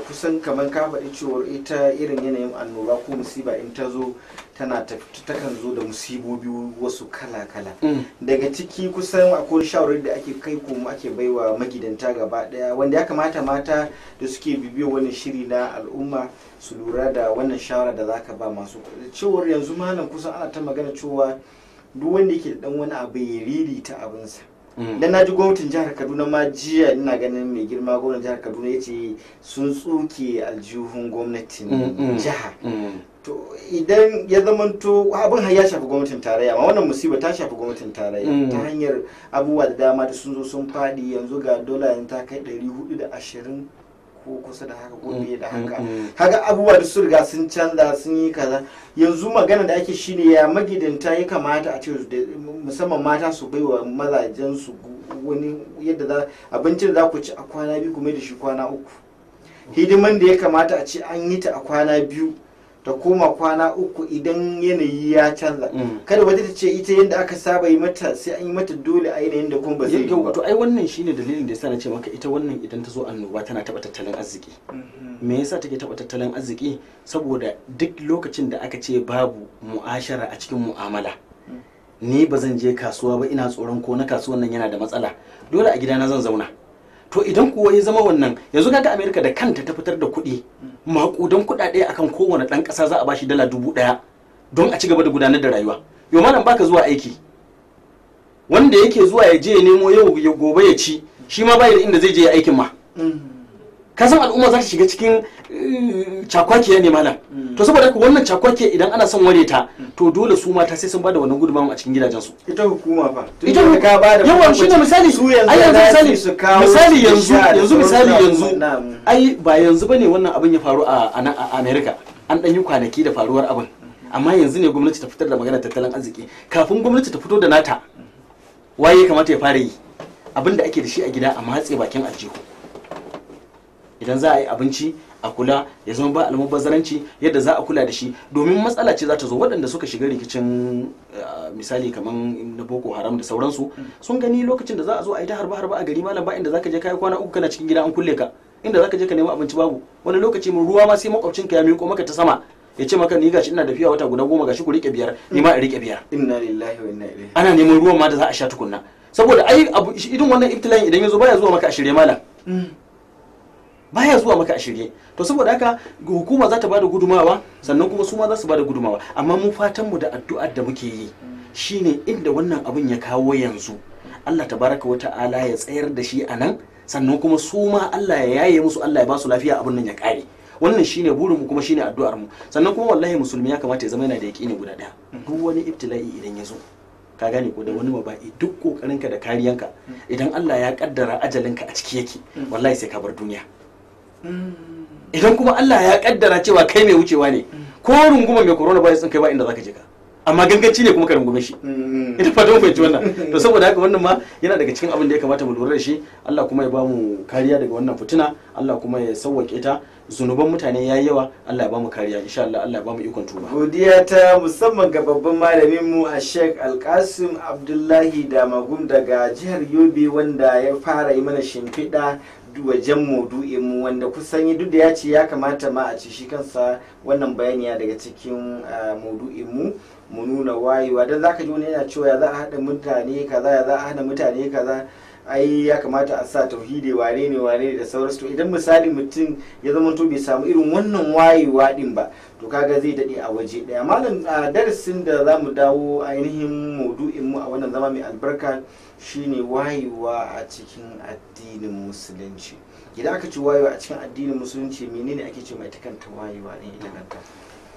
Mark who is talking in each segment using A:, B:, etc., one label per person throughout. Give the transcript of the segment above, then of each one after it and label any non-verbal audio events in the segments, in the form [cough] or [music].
A: kusan kamar ka faɗi cewar ita irin yanayin annoba ko musiba in ta zo tana takan zo da musibobi wasu kala-kala mm. daga ciki kusan akwai shawarar da ake kai kuma ake baiwa magidanta gaba daya wanda ya kamata mata da suke bibiyo wannan shiri na al'umma su lura da wannan shawara da zaka ba masu cewar yanzu malam kusan ana ta magana cewa duk wanda yake da dan wani abu ya ta abinsa Mm. na ji gwamnatin jihar kaduna ma jiya ina ganin mai girma gwamnatin jihar kaduna ya ce sun tsuke aljihun gwamnatin mm, mm, jihar to idan ya zamanto abin ya shafi gwamnatin tarayya ma wannan musiba ta shafi gwamnatin tarayya ta hanyar abubuwa da dama da sun zo sun faɗi yanzu ga dola yanzu ta kai hudu da ashirin. ko kusa da haka ko biye mm, da mm, haka mm. kaga abubuwa da surga riga sun canza sun yi kaza yanzu magana da ake shine ya magidanta ya kamata a ce musamman mata su baiwa mazajen su wani yadda za abincin za ku ci a kwana biyu kuma da shi kwana uku hidiman da ya kamata a ce an yi ta a kwana biyu ta koma kwana uku idan yanayi ya canza mm. kada wata ta ce ita yadda aka saba yi mata sai an yi mata dole a yanayin da kuma ba zai yi ba to
B: ai wannan shine dalilin da yasa na ce maka ita wannan idan ta zo annoba tana taba tattalin arziki
A: mm-hmm. me
B: yasa take taba tattalin arziki saboda duk lokacin da aka ce babu mu'ashara a cikin mu'amala mm. ni ba zan je kasuwa ba ina tsoron ko na kasuwan nan yana da matsala dole a gidana zan zauna to idan kuwa ya zama wannan yanzu ga amerika da kanta ta fitar da kuɗi makudan kuɗaɗe akan kowane ɗan ƙasa za a bashi dala dubu ɗaya don a ci gaba da gudanar da rayuwa yau malam baka zuwa aiki wanda yake zuwa ya je ya nemo yau gobe ya ci shi ma bayi da inda zai je ya aikin ma mm. ka san al'umma za ta shiga cikin
A: eh,
B: cakwakiya ne malam mm. to saboda haka wannan cakwakiya idan ana son ware ta to dole su mata sai sun bada wannan gudunmawa a cikin gidajen su ita hukuma fa ita ka bada yawa ne misali
A: su yanzu ai yanzu misali misali yanzu yanzu misali yanzu
B: ai ba yanzu bane wannan abin ya faru a America an dan yi kwanaki da faruwar abin amma yanzu ne gwamnati ta fitar da magana tattalin arziki kafin gwamnati ta fito da nata waye kamata ya fara yi abin da ake da shi a gida a matse bakin aljihu idan za a yi abinci a kula ya zama ba bazaranci yadda za a kula da shi domin matsala ce za ta zo waɗanda suka shiga rikicin eh, misali kamar na boko haram da sauransu sun gani lokacin da za a zo a yi ta harba harba a gari malam ba inda zaka je kai kwana uku kana cikin gida an kulle ka inda zaka je ka nemi abinci babu wani lokaci mun ruwa ma sai ka ya miƙo maka ta sama ya ce maka ni gashi ina da fiya wata guda goma gashi ku rike biyar ni ma in rike biyar inna
A: lillahi wa inna ilaihi
B: ana neman ruwan ma da za a sha tukunna saboda ai idan wannan ibtila'in idan ya zo baya zuwa maka a shirye malam mm. baya zuwa maka a shirye to saboda haka hukuma za ta bada gudumawa sannan kuma su ma za su bada gudumawa amma mu fatan mu da addu'ar da muke yi shine inda wannan abin ya kawo yanzu Allah tabaraka wa ta'ala ya tsayar da shi a nan sannan kuma su ma Allah ya yaye musu Allah ya ba su lafiya abin nan ya kare wannan shine burin mu kuma shine addu'ar mu sannan kuma wallahi musulmi ya kamata ya zama yana da yaqini guda daya duk wani ibtila'i idan ya zo ka gane ko da wani maba'i duk kokarinka da kariyanka idan Allah ya kaddara ajalinka a ciki yake wallahi sai ka bar duniya idan kuma Allah ya kaddara cewa kai mai wucewa ne ko runguma mai corona virus din kai ba inda zaka je ka
A: amma ganganci ne kuma ka rungume shi mm-hmm. ita mun fahimci wannan [laughs] to saboda
B: haka wannan ma yana daga cikin abin da ya kamata mu lura da shi Allah kuma ya bamu kariya daga wannan fitina Allah kuma ya sauwake ta zunuban mutane yayi yawa Allah ya bamu kariya insha Allah Allah ya bamu ikon tuba
A: godiya ta musamman ga babban malamin mu a Sheikh Alkasim Abdullahi Damagum daga jihar Yobe wanda ya fara yi mana shimfiɗa wajen maudu'in mu wanda kusan duk da ya ce ya kamata ma a ci shi kansa wannan bayani daga cikin ah, maudu'in mu mu nuna wayewa don zaka ji wani yana cewa ya za a haɗa mutane kaza ya za a haɗa mutane kaza ai ya kamata a sa tauhidi wane ne wane ne da sauransu to idan misali mutum ya zama to bai samu irin wannan wayewa din ba to kaga zai dade a waje daya malam a darasin da za mu dawo ainihin maudu'in mu a wannan zama mai albarka shine wayewa a cikin addinin musulunci idan aka ce wayewa a cikin addinin musulunci menene ake ce mai ita kanta wayewa ne ita kanta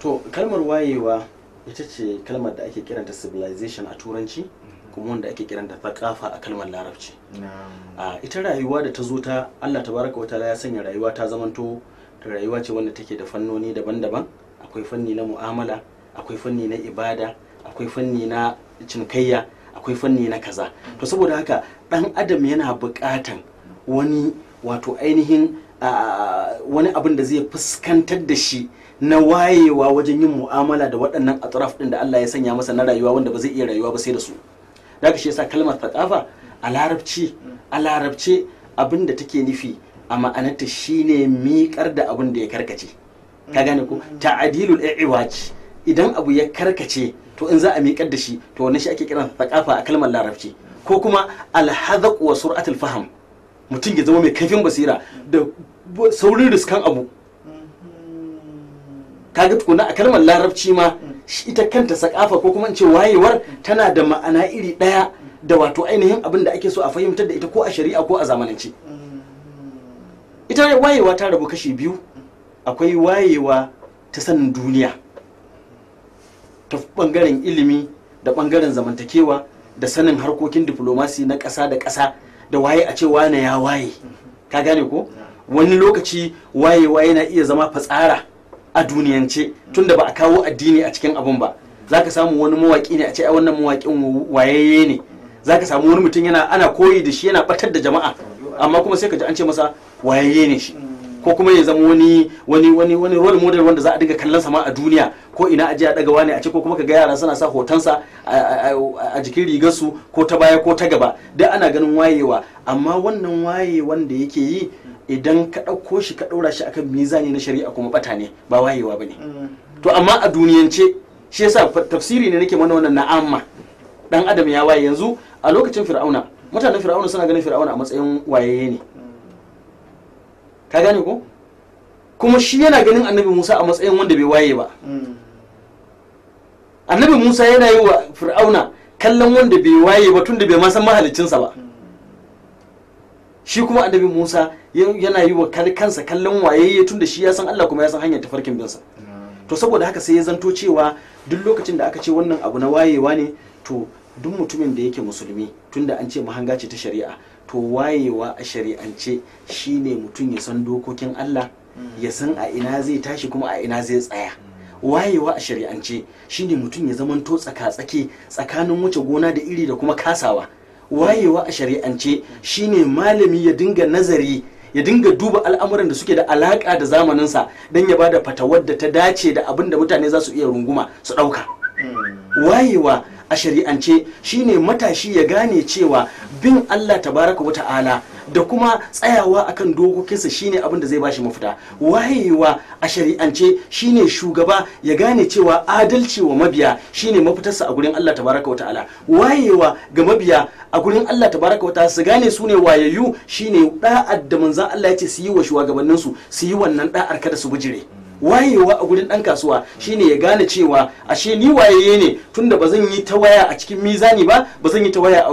A: to kalmar wayewa ita
B: ce kalmar da ake kiranta civilization a turanci kuma wanda ake kiranta thakafa a kalmar larabci a ah, ita rayuwa da ta zo ta Allah tabaraka wa wata ya sanya rayuwa ta zamanto rayuwa ce wanda take da fannoni daban-daban akwai fanni na mu'amala akwai fanni na ibada akwai fanni na cinikayya akwai fanni na kaza to saboda haka dan adam yana bukatan wani wato ainihin ah, wani abin da zai fuskantar da shi na wayewa wajen yin mu'amala da waɗannan atraf ɗin da Allah ya sanya masa na rayuwa wanda ba zai iya rayuwa ba sai da su daga shi yasa kalmar thaqafa a larabci a larabce abin da take nufi a ma'anarta shine miƙar da abin da ya karkace ka gane ko ta'adilul i'waj idan abu ya karkace to in za a miƙar da shi to wannan shi ake kiran ta thaqafa a kalmar larabci ko kuma alhazaq wa sur'atul faham mutum ya zama mai kaifin basira da saurin riskan abu kaga tukuna a kalmar larabci ma ita kanta sakafa ko kuma in ce wayewar tana da ma'ana iri ɗaya da wato ainihin abin da ake so a fahimtar da ita ko a shari'a ko a zamanance ita wayewa ta rabu kashi biyu akwai wayewa ta sanin duniya ta bangaren ilimi da bangaren zamantakewa da sanin harkokin diflomasi na ƙasa da ƙasa da waye a cewa wane ya waye ka gane ko wani lokaci wayewa yana iya zama fatsara a duniyance tunda ba a kawo addini a cikin abun ba za ka samu wani mawaƙi ne a ce a wannan mawaƙin wayayye ne za ka samu wani mutum yana ana koyi da shi yana batar da jama'a amma kuma sai ka ji an ce masa wayayye ne shi ko kuma ya zama wani wani wani wani role model wanda za a dinga kallon sa ma a duniya ko ina aje a daga wani a ce ko kuma ka ga yara suna sa hotonsa a jikin rigar su ko ta baya ko ta gaba duk ana ganin wayewa amma wannan wayewan da yake yi idan ka dauko shi ka ɗaura shi akan mizani na shari'a kuma bata ne ba wayewa ba ne mm. to amma a duniyance shi yasa tafsiri ne nake mana wannan na'amma dan adam ya waye yanzu a lokacin fir'auna mutanen fir'auna suna ganin fir'auna a matsayin waye ne ka gane ko kuma shi yana ganin annabi musa a matsayin wanda bai waye ba hmm. annabi musa yana yi wa fir'auna kallon wanda bai waye ba tunda bai ma san mahalicinsa ba hmm. shi kuma annabi musa yana yi wa kansa kallon wayayye tunda shi ya san allah kuma ya san hanyar tafarkin binsa hmm. to saboda haka sai ya zanto cewa duk lokacin da aka ce wannan abu na wayewa ne to duk mutumin da yake musulmi tunda an ce mahanga ce ta shari'a to wayewa a shari'ance shine mutum ya san dokokin Allah ya san a ina zai tashi kuma a ina zai tsaya wayewa a shari'ance shine mutum ya zamanto tsaka-tsake tsakanin wuce gona da iri da kuma kasawa wayewa a shari'ance shine malami ya dinga nazari ya dinga duba al'amuran da suke da alaƙa da zamaninsa don ya ba da fatawar da ta dace da abin da mutane za su iya runguma su ɗauka
A: hmm.
B: wayewa a shari'ance shine matashi ya gane cewa bin Allah ta tabaraka wata'ala da kuma tsayawa akan dokokinsa shine abin da zai bashi mafita wayewa a shari'ance shine shugaba ya gane cewa adalci wa mabiya shine mafitarsa a gurin Allah tabaraka wata'ala wayewa ga mabiya a gurin Allah tabaraka wata su gane su ne wayayyu shine da'ar da manzon Allah ya ce su yi wa shugabanninsu su yi wannan da'ar kada su bijire. wayewa a gurin dan kasuwa shine ya gane cewa ashe ni wayeye ne tunda ba zan yi ta waya a cikin mizani ba ba zan yi ta waya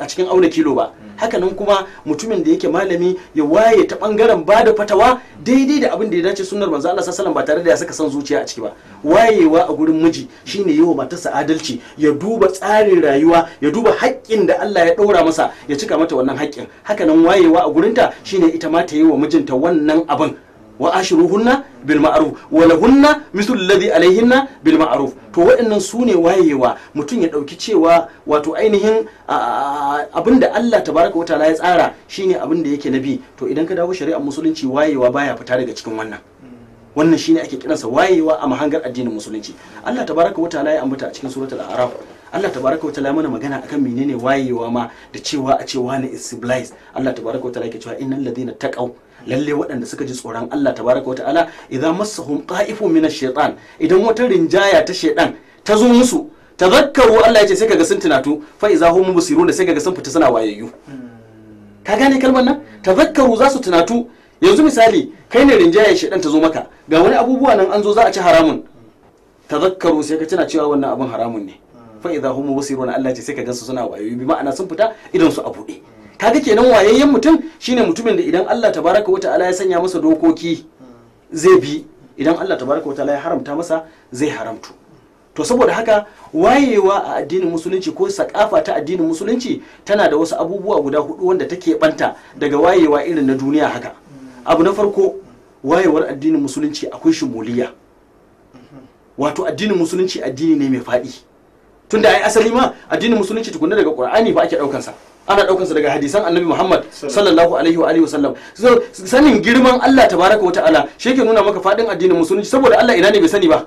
B: a cikin auna kilo ba hakanan kuma mutumin da yake malami ya waye ta bangaren bada fatawa daidai da abin da ya dace sunnar manzo Allah sallallahu ba tare da ya saka son zuciya a ciki ba wayewa a gurin miji shine yi wa matarsa adalci ya duba tsarin rayuwa ya duba haƙƙin da Allah ya ɗora masa ya cika mata wannan haƙƙin hakanan wayewa a gurinta shine ita ma ta yi wa mijinta wannan abin wa ashiruhunna bil ma'ruf wa lahunna mislu alladhi alaihinna bil ma'ruf to waɗannan su ne wayewa mutum ya ɗauki cewa wato ainihin abinda Allah tabaraka wa ta'ala ya tsara shine abinda yake nabi to idan ka dawo shari'ar musulunci wayewa baya fita daga cikin wannan wannan shine ake kiransa wayewa a mahangar addinin musulunci Allah tabaraka wa ta'ala ya ambata a cikin suratul a'raf Allah tabaraka wa ta'ala mana magana akan menene wayewa ma da cewa a ce wani is civilized Allah tabaraka wa ta'ala yake cewa innal ladina taqaw lalle waɗanda suka ji tsoron Allah tabaraka wa ta'ala idan massahum qa'ifu min ash-shaytan idan wata rinjaya ta shaydan ta zo musu tazakkaru Allah ya ce sai kaga sun tunatu fa iza hum musirun sai kaga sun fita suna wayayyu ka gane kalmar nan tazakkaru za su tunatu yanzu misali kai ne rinjaya shaydan ta zo maka ga wani abubuwa nan an zo za a ci haramun tazakkaru sai ka tuna cewa wannan abun haramun ne fa idza hum musirun Allah ya ce sai kaga su suna wayayyu bi ma'ana sun fita idan su a buɗe kaga kenan wayayyen mutum shine mutumin da idan Allah tabaraka wa ta'ala ya sanya masa dokoki zai bi idan Allah tabaraka wa ta'ala ya haramta masa zai haramtu to saboda haka wayewa a addinin musulunci ko sakafa ta addinin musulunci tana da wasu abubuwa guda hudu wanda take banta daga wayewa irin na duniya haka abu na farko wayewar addinin musulunci akwai shimuliya wato addinin musulunci addini ne mai faɗi tunda ai asali ma addinin musulunci tukunna daga qur'ani ba ake ɗaukansa sa ana ɗaukansa daga hadisan annabi muhammad sallallahu alaihi wa alihi wasallam sanin girman allah tabaraka wa ta'ala shi ke nuna maka fadin addinin musulunci saboda allah ina ne bai sani ba